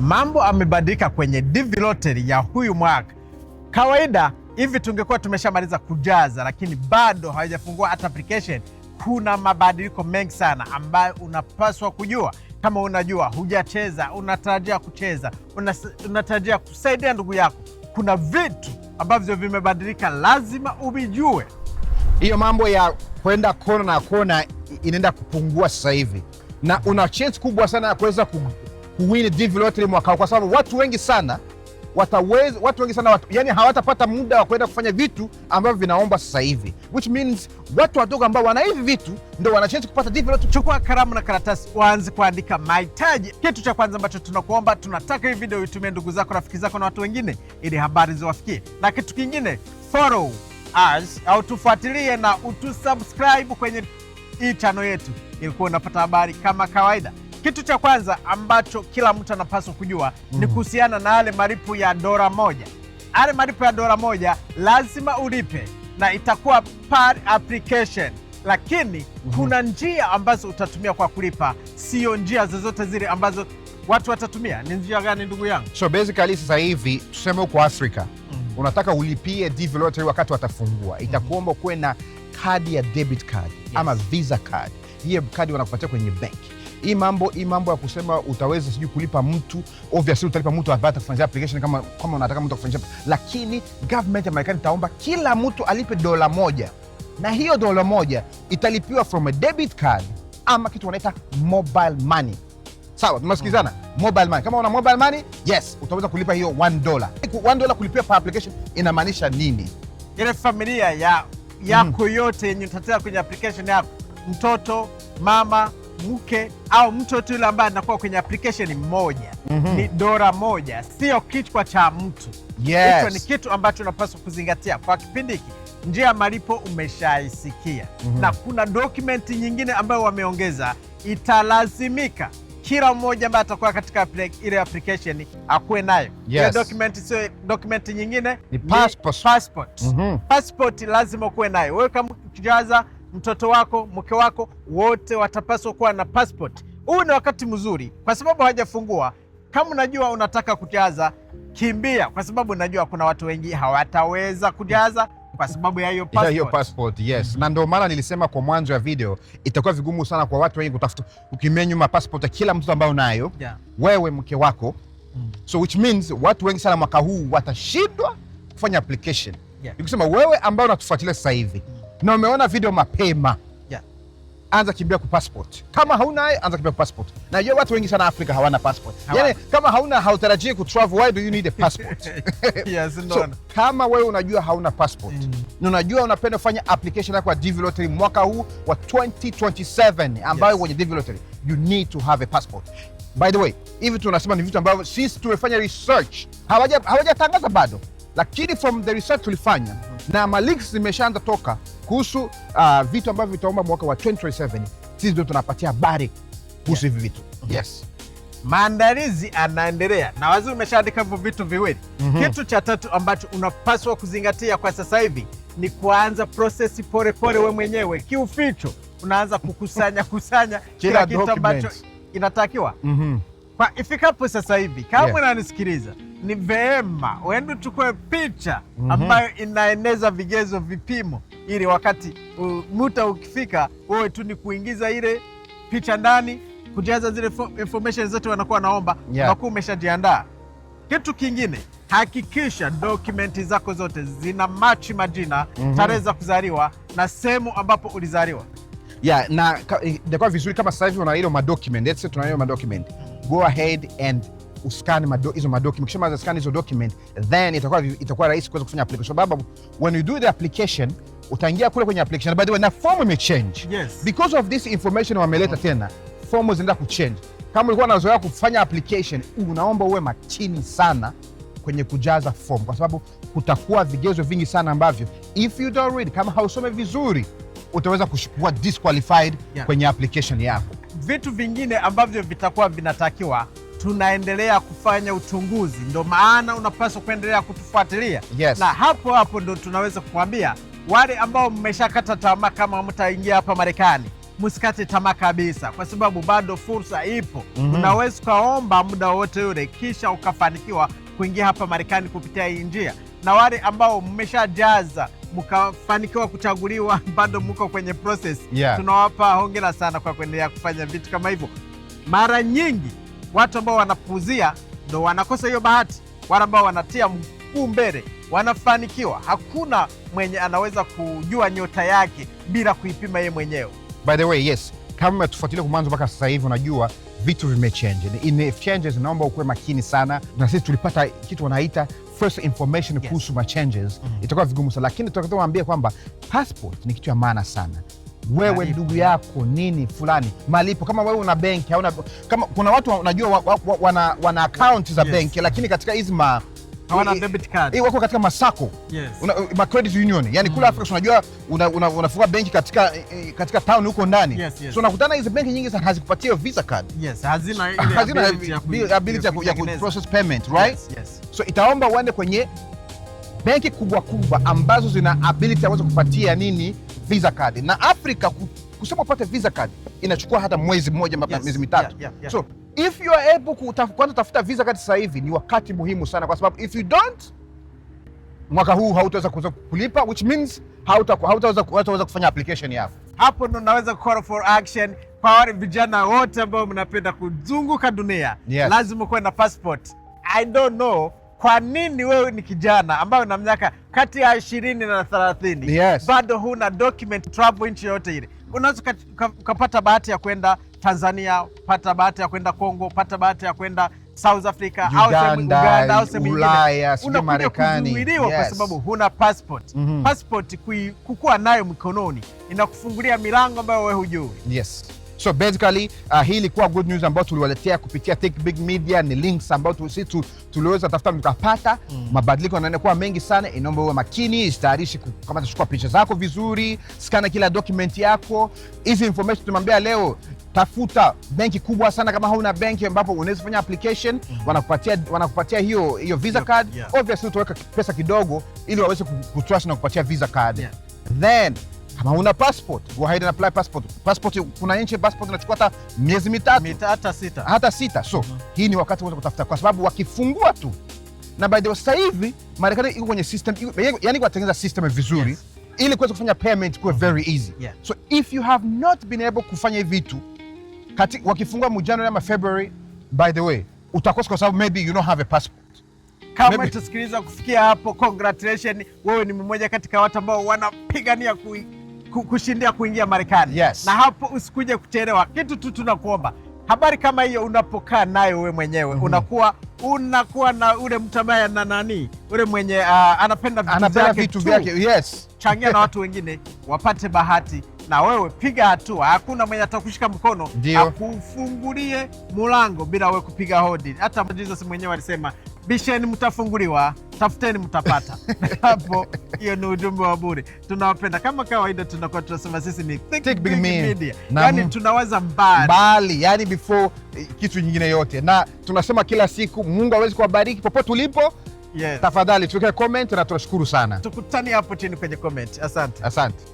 mambo amebadilika kwenye DV lottery ya huyu mwaka. Kawaida hivi tungekuwa tumeshamaliza kujaza, lakini bado hawajafungua hata application. Kuna mabadiliko mengi sana ambayo unapaswa kujua. Kama unajua hujacheza, unatarajia kucheza, unatarajia kusaidia ndugu yako, kuna vitu ambavyo vimebadilika, lazima uvijue. Hiyo mambo ya kwenda kona na kona inaenda kupungua sasa hivi, na una chance kubwa sana ya kuweza kuwin jivu lote ile mwaka, kwa sababu watu wengi sana watawezi, watu wengi sana watu, yani hawatapata muda wa kwenda kufanya vitu ambavyo vinaomba sasa hivi, which means watu wadogo ambao wana hivi vitu ndo wana chance kupata jivu lote. Chukua kalamu na karatasi, waanze kuandika mahitaji. Kitu cha kwanza ambacho tunakuomba, tunataka hii video itumie ndugu zako, rafiki zako na watu wengine, ili habari ziwafikie. Na kitu kingine, follow us au tufuatilie na utusubscribe kwenye hii chano yetu, ilikuwa unapata habari kama kawaida. Kitu cha kwanza ambacho kila mtu anapaswa kujua mm. ni mm-hmm. kuhusiana na yale malipo ya dola moja. Yale malipo ya dola moja lazima ulipe na itakuwa per application, lakini mm -hmm. kuna njia ambazo utatumia kwa kulipa, sio njia zozote zile ambazo watu watatumia. Ni njia gani, ndugu yangu? So basically sasa hivi tuseme huko Afrika mm -hmm. unataka ulipie divu lote wakati watafungua, mm-hmm. itakuomba kuwe na kadi ya debit card yes. ama visa card, hiyo kadi wanakupatia kwenye benki hii mambo hii mambo ya kusema utaweza sijui kulipa mtu, obviously utalipa mtu ambaye atakufanyia application kama kama unataka mtu akufanyia, lakini government ya Marekani itaomba kila mtu alipe dola moja, na hiyo dola moja italipiwa from a debit card ama kitu wanaita mobile money. Sawa, tunasikizana? Mm. Mobile money. Kama una mobile money, yes, utaweza kulipa hiyo 1 dola. 1 dola kulipia per application inamaanisha nini? Ile familia ya yako mm, yote yenye utatia kwenye application yako, mtoto, mama mke au mtu yote yule ambaye anakuwa kwenye application moja mm -hmm. Ni dora moja, sio kichwa cha mtu yes. ni kitu ambacho unapaswa kuzingatia kwa kipindi hiki. Njia ya malipo umeshaisikia mm -hmm. Na kuna dokumenti nyingine ambayo wameongeza, italazimika kila mmoja ambaye atakuwa katika ile application akuwe nayo yes. sio dokumenti nyingine ni passport. Passport. Mm -hmm. Passport lazima ukuwe nayo wewe kama ukijaza mtoto wako, mke wako, wote watapaswa kuwa na passport. Huu ni wakati mzuri, kwa sababu hawajafungua. Kama unajua unataka kujaza, kimbia, kwa sababu najua kuna watu wengi hawataweza kujaza kwa sababu ya hiyo passport. Hiyo passport, yes. Mm -hmm. Na ndio maana nilisema kwa mwanzo wa video itakuwa vigumu sana kwa watu wengi kutafuta, ukimenya nyuma passport ya kila mtu ambaye unayo, yeah. Wewe mke wako mm. So which means watu wengi sana mwaka huu watashindwa kufanya application yeah. Nikusema wewe ambaye unatufuatilia sasa hivi mm na umeona video mapema yeah. Anza kimbia ku passport kama hauna, anza kimbia ku passport. Na Najua watu wengi sana Afrika hawana passport. Hawa. Yaani kama hauna, hautarajii ku travel, why do you need a passport? Yes, so, kama wewe unajua hauna passport mm. na unajua unapenda kufanya application yako ya DV lottery mwaka huu wa 2027 ambayo kwenye DV lottery you need to have a passport. By the way, hivi tunasema ni vitu ambavyo sisi tumefanya research, hawajatangaza hawaja bado lakini from the research tulifanya na maliks zimeshaanza toka kuhusu uh, vitu ambavyo vitaomba mwaka wa 2027 sisi ndio tunapatia habari kuhusu hivi vitu yes. Maandalizi anaendelea na waziri, umeshaandika hivyo vitu viwili mm -hmm. Kitu cha tatu ambacho unapaswa kuzingatia kwa sasa hivi ni kuanza prosesi polepole, we mwenyewe kiuficho unaanza kukusanya kusanya kila kitu ambacho inatakiwa mm -hmm. Kwa ifikapo sasa hivi kama yeah. unanisikiliza ni vema uende yaani uchukue picha mhm. ambayo inaeneza vigezo vipimo, ili wakati uh, muta ukifika, wewe tu ni kuingiza ile picha ndani, kujaza zile information zote wanakuwa naomba yeah. Wakuwa umeshajiandaa. Kitu kingine hakikisha dokumenti zako zote zina machi majina, mm -hmm. tarehe za kuzaliwa na sehemu ambapo ulizaliwa. Yeah, na itakuwa vizuri kama sasa hivi una ile madocument, let's say tunayo madocument. Mm. Go ahead and uscan mado, hizo madocument. Ukishamaliza scan hizo document then itakuwa itakuwa rahisi kuweza kufanya application, sababu when you do the application utaingia kule kwenye application. By the way, na form imechange. Yes. Because of this information wameleta mm-hmm. tena form zinaenda kuchange. Kama ulikuwa unazoea kufanya application, unaomba uwe makini sana kwenye kujaza form, kwa sababu kutakuwa vigezo vingi sana ambavyo if you don't read, kama hausome vizuri utaweza kuwa disqualified yeah, kwenye application yako. Vitu vingine ambavyo vitakuwa vinatakiwa tunaendelea kufanya uchunguzi, ndo maana unapaswa kuendelea kutufuatilia yes. Na hapo hapo ndo tunaweza kukwambia wale ambao mmeshakata tamaa, kama mtaingia hapa Marekani, msikate tamaa kabisa, kwa sababu bado fursa ipo. mm -hmm. Unaweza ukaomba muda wowote yule, kisha ukafanikiwa kuingia hapa Marekani kupitia hii njia, na wale ambao mmeshajaza mkafanikiwa kuchaguliwa, bado muko kwenye proses yeah. Tunawapa hongera sana kwa kuendelea kufanya vitu kama hivyo mara nyingi watu ambao wanapuzia ndo wanakosa hiyo bahati. Wale ambao wanatia mguu mbele wanafanikiwa. Hakuna mwenye anaweza kujua nyota yake bila kuipima yeye mwenyewe. By the way, yes, kama umetufuatilia kwa mwanzo mpaka sasa hivi unajua vitu vimechange, imechange. Naomba ukuwe makini sana, na sisi tulipata kitu wanaita first information kuhusu yes, machanges mm -hmm. Itakuwa vigumu sana, lakini tutakawaambia kwamba passport ni kitu ya maana sana wewe ndugu yako nini fulani malipo, kama wewe una benki hauna, kama kuna watu unajua wa, wa, wa, wana, wana akaunti za yes, benki lakini katika hizi ma hawana debit card, wako katika masako yes, una, uh, ma credit union yani mm, kule Afrika unajua unafungua una, una benki katika katika town huko ndani yes, yes. So unakutana hizi benki nyingi sana hazikupatia visa card yes, hazina ile hazina ability ya ku process payment right yes, yes. So itaomba uende kwenye benki kubwa kubwa ambazo zina ability aweze kupatia nini visa card na Afrika kusema upate visa card inachukua hata mwezi mmoja mpaka miezi mitatu. So if you are able kwanza tafuta visa card sasa hivi, ni wakati muhimu sana, kwa sababu if you don't mwaka huu hautaweza kulipa, which means hautaweza kufanya application yako. Hapo ndo naweza call for action kwa wale vijana wote ambao mnapenda kuzunguka dunia, yes. Lazima kuwe na passport. I don't know kwa nini wewe ni kijana ambayo una miaka kati ya ishirini na thelathini yes, bado huna document travel nchi yoyote ile? Unaweza ukapata bahati ya kwenda Tanzania, pata bahati ya kwenda Congo, pata bahati ya kwenda South Africa au Uganda au sehemu nyingine, Marekani, kuzuiliwa kwa sababu huna passport. Mm -hmm. Passport kukuwa nayo mkononi inakufungulia milango ambayo wewe hujui. Yes. So basically uh, hii ilikuwa good news ambayo tuliwaletea kupitia Think Big Media. Ni links ambayo si tu, tuliweza tafuta tukapata mm. Mabadiliko kuwa mengi sana, inaomba eh, uwe makini, istaharishi kama tachukua picha zako vizuri, skana kila document yako. Hizi information tumeambia leo tafuta benki kubwa sana kama hauna benki ambapo unaweza fanya application mm -hmm. Wanakupatia, wanakupatia hiyo hiyo visa card yeah. Obviously utaweka pesa kidogo ili waweze kutrust na kupatia visa card yeah. Then kama una passport wahaida na apply passport. Passport kuna nchi passport inachukua hata miezi mitatu Mita, hata sita, hata sita. So mm -hmm. hii ni wakati wa kutafuta, kwa sababu wakifungua tu na by the way, sasa hivi Marekani iko kwenye system, yani kuwatengeneza system vizuri yes. ili kuweza kufanya payment kuwe very easy yeah. so if you have not been able kufanya hivi vitu kati, wakifungua mu January ama February, by the way utakosa, kwa sababu maybe you don't have a passport kama tusikiliza kufikia hapo, congratulations wewe ni mmoja katika watu ambao wanapigania kui kushindia kuingia Marekani. Yes. Na hapo usikuje kuchelewa. Kitu tu tunakuomba habari kama hiyo unapokaa nayo wewe mwenyewe mm -hmm. unakuwa unakuwa na ule mtu ambaye na nani ule mwenye uh, anapenda vitu vyake yes. Changia na watu wengine wapate bahati na wewe piga hatua. Hakuna mwenye atakushika mkono akufungulie mlango bila wewe kupiga hodi. Hata Jesus mwenyewe alisema Bisheni mtafunguliwa, tafuteni mtapata. Hapo hiyo ni ujumbe wa bure. Tunawapenda kama kawaida, tunakuwa tunasema sisi ni think big, big media, yani tunawaza mbali mbali, yani before eh, kitu nyingine yote, na tunasema kila siku Mungu awezi kuwabariki popote ulipo. Yes. Tafadhali tuweke comment na tunashukuru sana. tukutani hapo chini kwenye comment. Asante. Asante.